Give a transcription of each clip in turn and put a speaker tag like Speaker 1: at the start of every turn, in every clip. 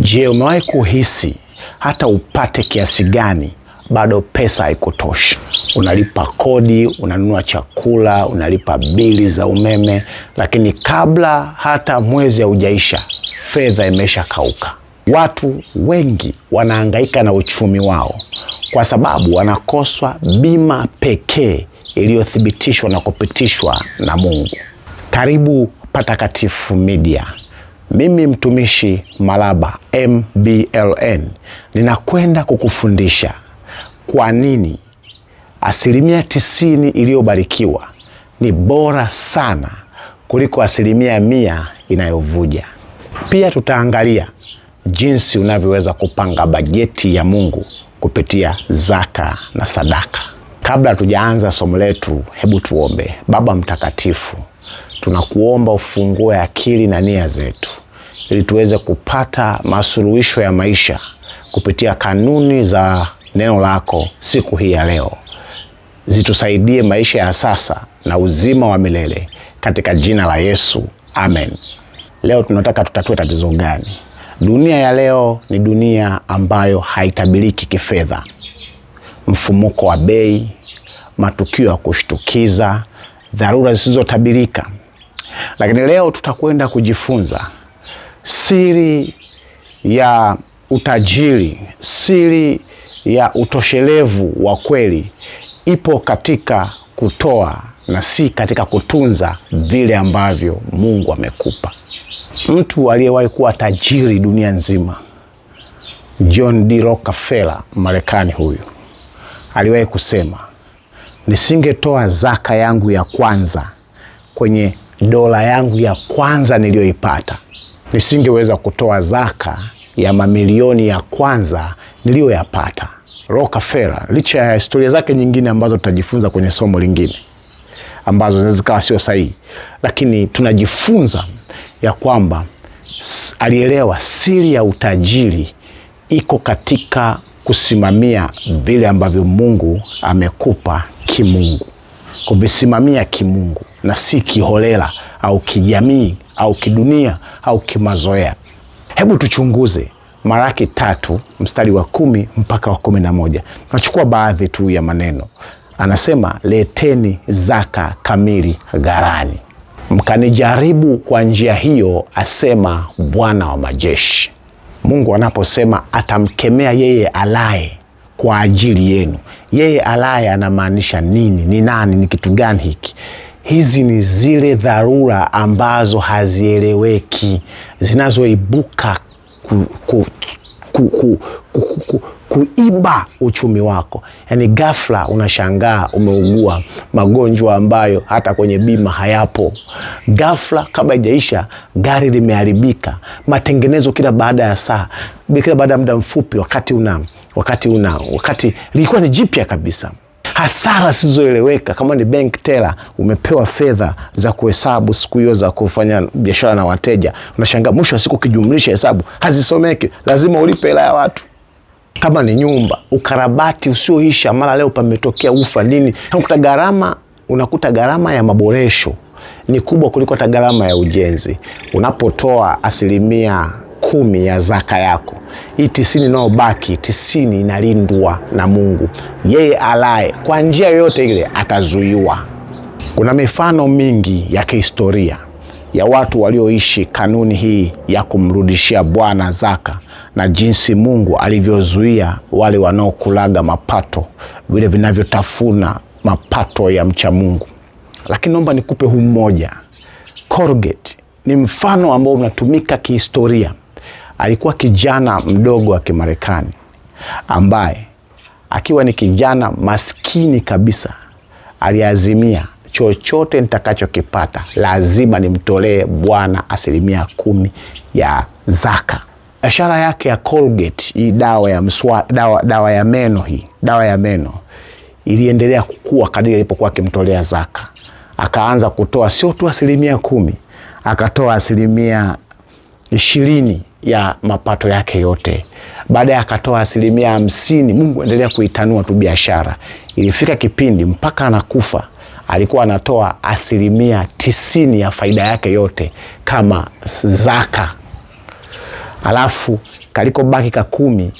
Speaker 1: Je, umewahi kuhisi hata upate kiasi gani bado pesa haikutoshi? Unalipa kodi, unanunua chakula, unalipa bili za umeme, lakini kabla hata mwezi haujaisha fedha imeshakauka kauka. Watu wengi wanahangaika na uchumi wao kwa sababu wanakoswa bima pekee iliyothibitishwa na kupitishwa na Mungu. Karibu Patakatifu Media. Mimi mtumishi Malaba MBLN ninakwenda kukufundisha kwa nini asilimia tisini iliyobarikiwa ni bora sana kuliko asilimia mia inayovuja. Pia tutaangalia jinsi unavyoweza kupanga bajeti ya Mungu kupitia zaka na sadaka. Kabla tujaanza somo letu, hebu tuombe. Baba mtakatifu tunakuomba ufungue akili na nia zetu ili tuweze kupata masuluhisho ya maisha kupitia kanuni za neno lako siku hii ya leo. Zitusaidie maisha ya sasa na uzima wa milele katika jina la Yesu, amen. Leo tunataka tutatue tatizo gani? Dunia ya leo ni dunia ambayo haitabiriki kifedha. Mfumuko wa bei, matukio ya kushtukiza, dharura zisizotabirika lakini leo tutakwenda kujifunza siri ya utajiri, siri ya utoshelevu wa kweli ipo katika kutoa na si katika kutunza vile ambavyo Mungu amekupa. Mtu aliyewahi kuwa tajiri dunia nzima, John D. Rockefeller, Marekani, huyu aliwahi kusema, nisingetoa zaka yangu ya kwanza kwenye dola yangu ya kwanza niliyoipata, nisingeweza kutoa zaka ya mamilioni ya kwanza niliyoyapata. Rockefeller, licha ya historia zake nyingine ambazo tutajifunza kwenye somo lingine ambazo zinaweza zikawa sio sahihi, lakini tunajifunza ya kwamba alielewa siri ya utajiri iko katika kusimamia vile ambavyo Mungu amekupa kimungu kuvisimamia kimungu na si kiholela au kijamii au kidunia au kimazoea. Hebu tuchunguze Malaki tatu mstari wa kumi mpaka wa kumi na moja. Tunachukua baadhi tu ya maneno, anasema leteni zaka kamili gharani, mkanijaribu kwa njia hiyo, asema Bwana wa majeshi. Mungu anaposema atamkemea yeye alaye kwa ajili yenu. Yeye alaye anamaanisha nini? Ni nani? Ni kitu gani hiki? Hizi ni zile dharura ambazo hazieleweki zinazoibuka ku, ku, ku, ku, ku, ku, kuiba uchumi wako. Yaani ghafla unashangaa umeugua magonjwa ambayo hata kwenye bima hayapo ghafla, kabla haijaisha, gari limeharibika, matengenezo kila baada ya saa, kila baada ya muda mfupi, wakati una wakati una wakati lilikuwa ni jipya kabisa hasara zisizoeleweka. Kama ni bank teller, umepewa fedha za kuhesabu siku hiyo za kufanya biashara na wateja, unashangaa mwisho wa siku ukijumlisha hesabu hazisomeki, lazima ulipe hela ya watu. Kama ni nyumba, ukarabati usioisha, mara leo pametokea ufa nini, unakuta gharama unakuta gharama ya maboresho ni kubwa kuliko hata gharama ya ujenzi. Unapotoa asilimia kumi ya zaka yako, hii tisini inayobaki, tisini inalindwa na Mungu. Yeye alaye kwa njia yoyote ile atazuiwa. Kuna mifano mingi ya kihistoria ya watu walioishi kanuni hii ya kumrudishia Bwana zaka na jinsi Mungu alivyozuia wale wanaokulaga mapato, vile vinavyotafuna mapato ya mcha Mungu lakini naomba nikupe huu mmoja. Colgate ni mfano ambao unatumika kihistoria. Alikuwa kijana mdogo wa Kimarekani ambaye akiwa ni kijana maskini kabisa, aliazimia chochote nitakachokipata lazima nimtolee Bwana asilimia kumi ya zaka. Biashara yake ya Colgate hii dawa ya mswa, dawa, dawa ya meno hii dawa ya meno iliendelea kukua kadiri alipokuwa akimtolea zaka akaanza kutoa sio tu asilimia kumi, akatoa asilimia ishirini ya mapato yake yote. Baadaye akatoa asilimia hamsini. Mungu endelea kuitanua tu biashara. Ilifika kipindi mpaka anakufa alikuwa anatoa asilimia tisini ya faida yake yote kama zaka, alafu kaliko baki ka kumi,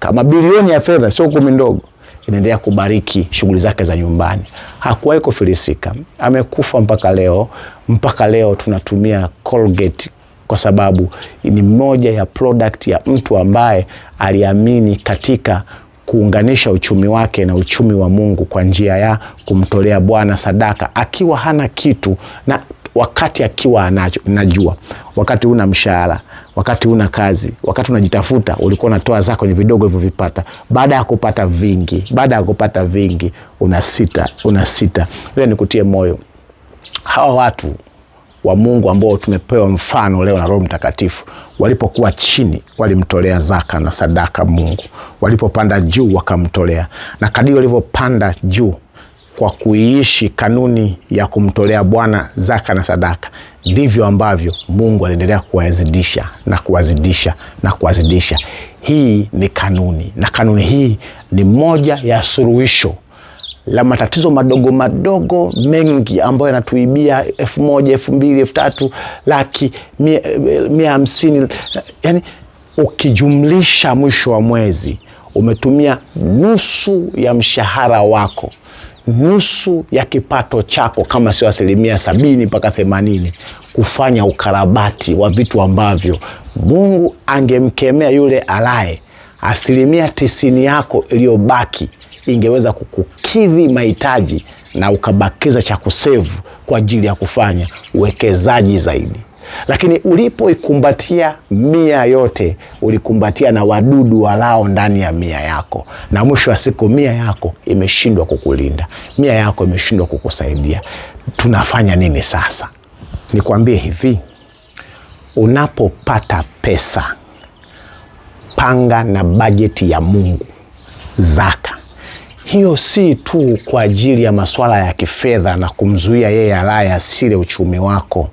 Speaker 1: kama bilioni ya fedha, sio kumi ndogo inaendelea kubariki shughuli zake za nyumbani. Hakuwahi kufilisika, amekufa mpaka leo. Mpaka leo tunatumia Colgate kwa sababu ni moja ya product ya mtu ambaye aliamini katika kuunganisha uchumi wake na uchumi wa Mungu kwa njia ya kumtolea Bwana sadaka akiwa hana kitu na wakati akiwa anajua wakati una mshahara wakati una kazi, wakati unajitafuta, ulikuwa unatoa zako kwenye vidogo ulivyovipata. Baada ya kupata vingi, baada ya kupata vingi unasita, unasita. Ile nikutie moyo, hawa watu wa Mungu ambao tumepewa mfano leo na Roho Mtakatifu, walipokuwa chini walimtolea zaka na sadaka Mungu, walipopanda juu wakamtolea, na kadiri walivyopanda juu kwa kuiishi kanuni ya kumtolea Bwana zaka na sadaka ndivyo ambavyo Mungu aliendelea kuwazidisha na kuwazidisha na kuwazidisha. Hii ni kanuni, na kanuni hii ni moja ya suluhisho la matatizo madogo madogo mengi ambayo yanatuibia elfu moja elfu mbili elfu tatu laki mia, hamsini. Yani ukijumlisha mwisho wa mwezi umetumia nusu ya mshahara wako nusu ya kipato chako kama sio asilimia sabini mpaka themanini kufanya ukarabati wa vitu ambavyo Mungu angemkemea yule alaye. Asilimia tisini yako iliyobaki ingeweza kukukidhi mahitaji na ukabakiza cha kusevu kwa ajili ya kufanya uwekezaji zaidi. Lakini ulipoikumbatia mia yote, ulikumbatia na wadudu walao ndani ya mia yako, na mwisho wa siku mia yako imeshindwa kukulinda, mia yako imeshindwa kukusaidia. Tunafanya nini sasa? Nikwambie hivi, unapopata pesa, panga na bajeti ya Mungu. Zaka hiyo si tu kwa ajili ya masuala ya kifedha na kumzuia yeye alaye asile uchumi wako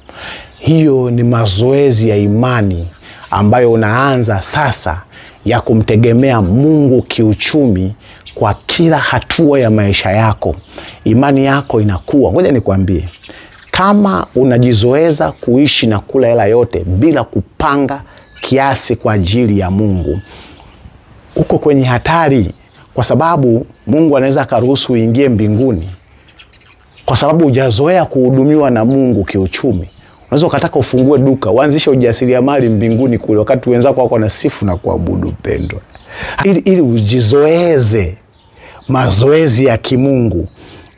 Speaker 1: hiyo ni mazoezi ya imani ambayo unaanza sasa ya kumtegemea Mungu kiuchumi kwa kila hatua ya maisha yako. Imani yako inakuwa. Ngoja nikwambie, kama unajizoeza kuishi na kula hela yote bila kupanga kiasi kwa ajili ya Mungu, uko kwenye hatari, kwa sababu Mungu anaweza akaruhusu uingie mbinguni kwa sababu hujazoea kuhudumiwa na Mungu kiuchumi. Unaweza ukataka ufungue duka, uanzishe ujasiriamali mbinguni kule, wakati wenzako wako na sifu na kuabudu pendwa, ili, ili ujizoeze mazoezi ya kimungu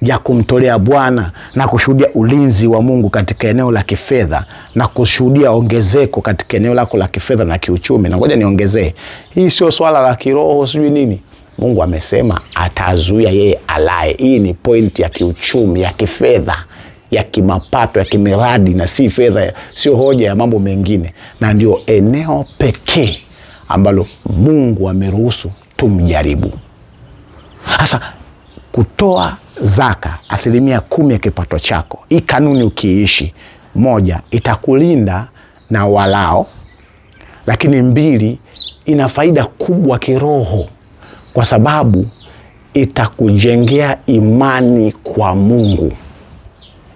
Speaker 1: ya kumtolea Bwana na kushuhudia ulinzi wa Mungu katika eneo la kifedha na kushuhudia ongezeko katika eneo lako la kifedha na kiuchumi. Na ngoja niongezee, hii sio swala la kiroho sijui nini. Mungu amesema atazuia yeye alaye. Hii ni pointi ya kiuchumi ya kifedha ya kimapato ya kimiradi na si fedha, sio hoja ya mambo mengine, na ndio eneo pekee ambalo Mungu ameruhusu tumjaribu. Sasa kutoa zaka asilimia kumi ya kipato chako, hii kanuni ukiishi, moja, itakulinda na walao, lakini mbili, ina faida kubwa kiroho, kwa sababu itakujengea imani kwa Mungu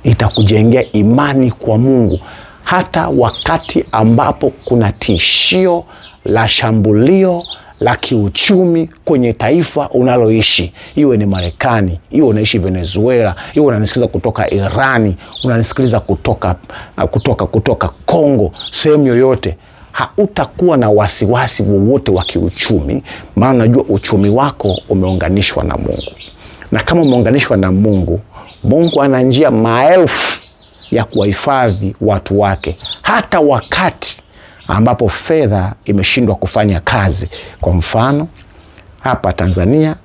Speaker 1: itakujengea imani kwa Mungu hata wakati ambapo kuna tishio la shambulio la kiuchumi kwenye taifa unaloishi, iwe ni Marekani, iwe unaishi Venezuela, iwe unanisikiliza kutoka Irani, unanisikiliza kutoka uh, kutoka kutoka Kongo, sehemu yoyote, hautakuwa na wasiwasi wowote wa kiuchumi, maana unajua uchumi wako umeunganishwa na Mungu, na kama umeunganishwa na Mungu Mungu ana njia maelfu ya kuwahifadhi watu wake, hata wakati ambapo fedha imeshindwa kufanya kazi. Kwa mfano hapa Tanzania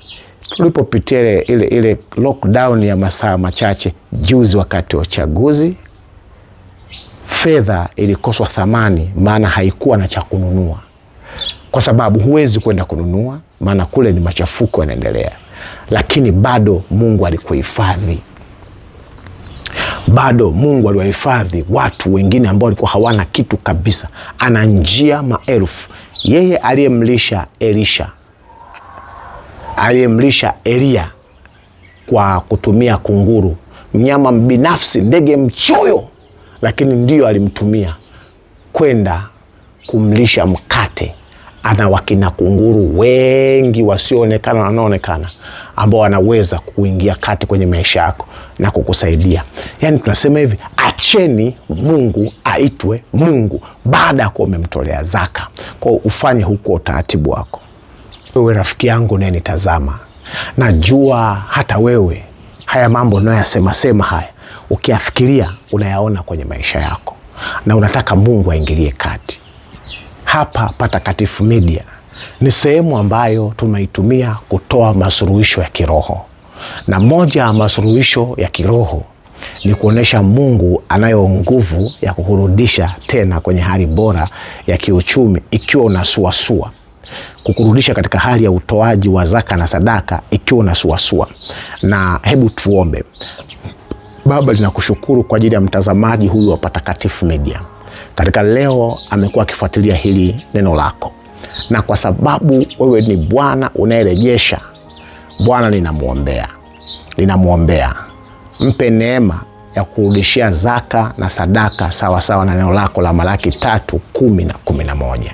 Speaker 1: tulipopitia ile, ile, lockdown ya masaa machache juzi, wakati wa uchaguzi, fedha ilikoswa thamani, maana haikuwa na cha kununua, kwa sababu huwezi kwenda kununua, maana kule ni machafuko yanaendelea, lakini bado Mungu alikuhifadhi bado Mungu aliwahifadhi watu wengine ambao walikuwa hawana kitu kabisa. Ana njia maelfu. Yeye aliyemlisha Elisha, aliyemlisha Eliya kwa kutumia kunguru, mnyama mbinafsi, ndege mchoyo, lakini ndiyo alimtumia kwenda kumlisha mkate ana wakina kunguru wengi wasioonekana wanaoonekana ambao wanaweza kuingia kati kwenye maisha yako na kukusaidia. Yaani tunasema hivi, acheni Mungu aitwe Mungu baada ya kuwa umemtolea zaka. kwao ufanye huko utaratibu wako. Wewe rafiki yangu unayenitazama, najua hata wewe haya mambo unayoyasemasema haya ukiyafikiria unayaona kwenye maisha yako na unataka Mungu aingilie kati. Hapa Patakatifu Media ni sehemu ambayo tunaitumia kutoa masuluhisho ya kiroho, na moja ya masuluhisho ya kiroho ni kuonyesha Mungu anayo nguvu ya kukurudisha tena kwenye hali bora ya kiuchumi ikiwa unasuasua, kukurudisha katika hali ya utoaji wa zaka na sadaka ikiwa unasuasua. Na hebu tuombe. Baba, linakushukuru kwa ajili ya mtazamaji huyu wa Patakatifu Media katika leo amekuwa akifuatilia hili neno lako, na kwa sababu wewe ni Bwana unayerejesha, Bwana ninamwombea, ninamwombea mpe neema ya kurudishia zaka na sadaka sawasawa sawa na neno lako la Malaki tatu kumi na kumi na moja.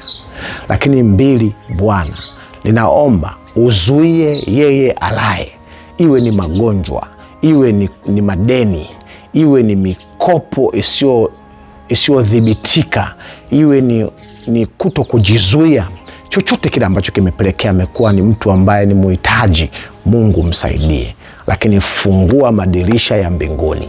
Speaker 1: Lakini mbili, Bwana ninaomba uzuie yeye alaye, iwe ni magonjwa, iwe ni, ni madeni, iwe ni mikopo isiyo isiyodhibitika, iwe ni, ni kuto kujizuia chochote kile ambacho kimepelekea amekuwa ni mtu ambaye ni muhitaji. Mungu msaidie, lakini fungua madirisha ya mbinguni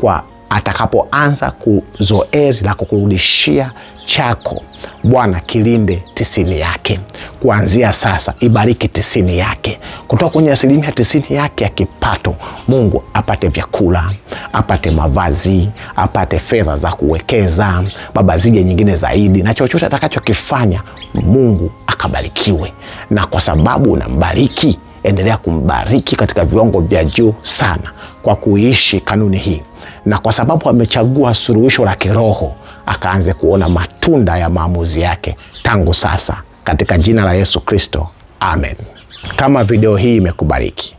Speaker 1: kwa atakapoanza kuzoezi la kukurudishia chako. Bwana kilinde tisini yake kuanzia sasa, ibariki tisini yake kutoka kwenye asilimia tisini yake ya kipato. Mungu apate vyakula apate mavazi, apate fedha za kuwekeza, Baba, zije nyingine zaidi, na chochote atakachokifanya Mungu akabarikiwe. Na kwa sababu unambariki, endelea kumbariki katika viwango vya juu sana kwa kuishi kanuni hii, na kwa sababu amechagua suluhisho la kiroho, akaanze kuona matunda ya maamuzi yake tangu sasa, katika jina la Yesu Kristo, amen. Kama video hii imekubariki,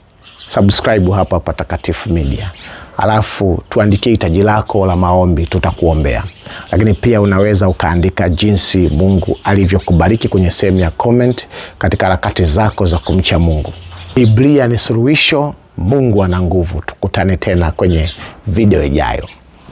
Speaker 1: subscribe hapa Patakatifu Media alafu tuandikie hitaji lako la maombi, tutakuombea. Lakini pia unaweza ukaandika jinsi Mungu alivyokubariki kwenye sehemu ya comment katika harakati zako za kumcha Mungu. Biblia ni suluhisho. Mungu ana nguvu. Tukutane tena kwenye video ijayo.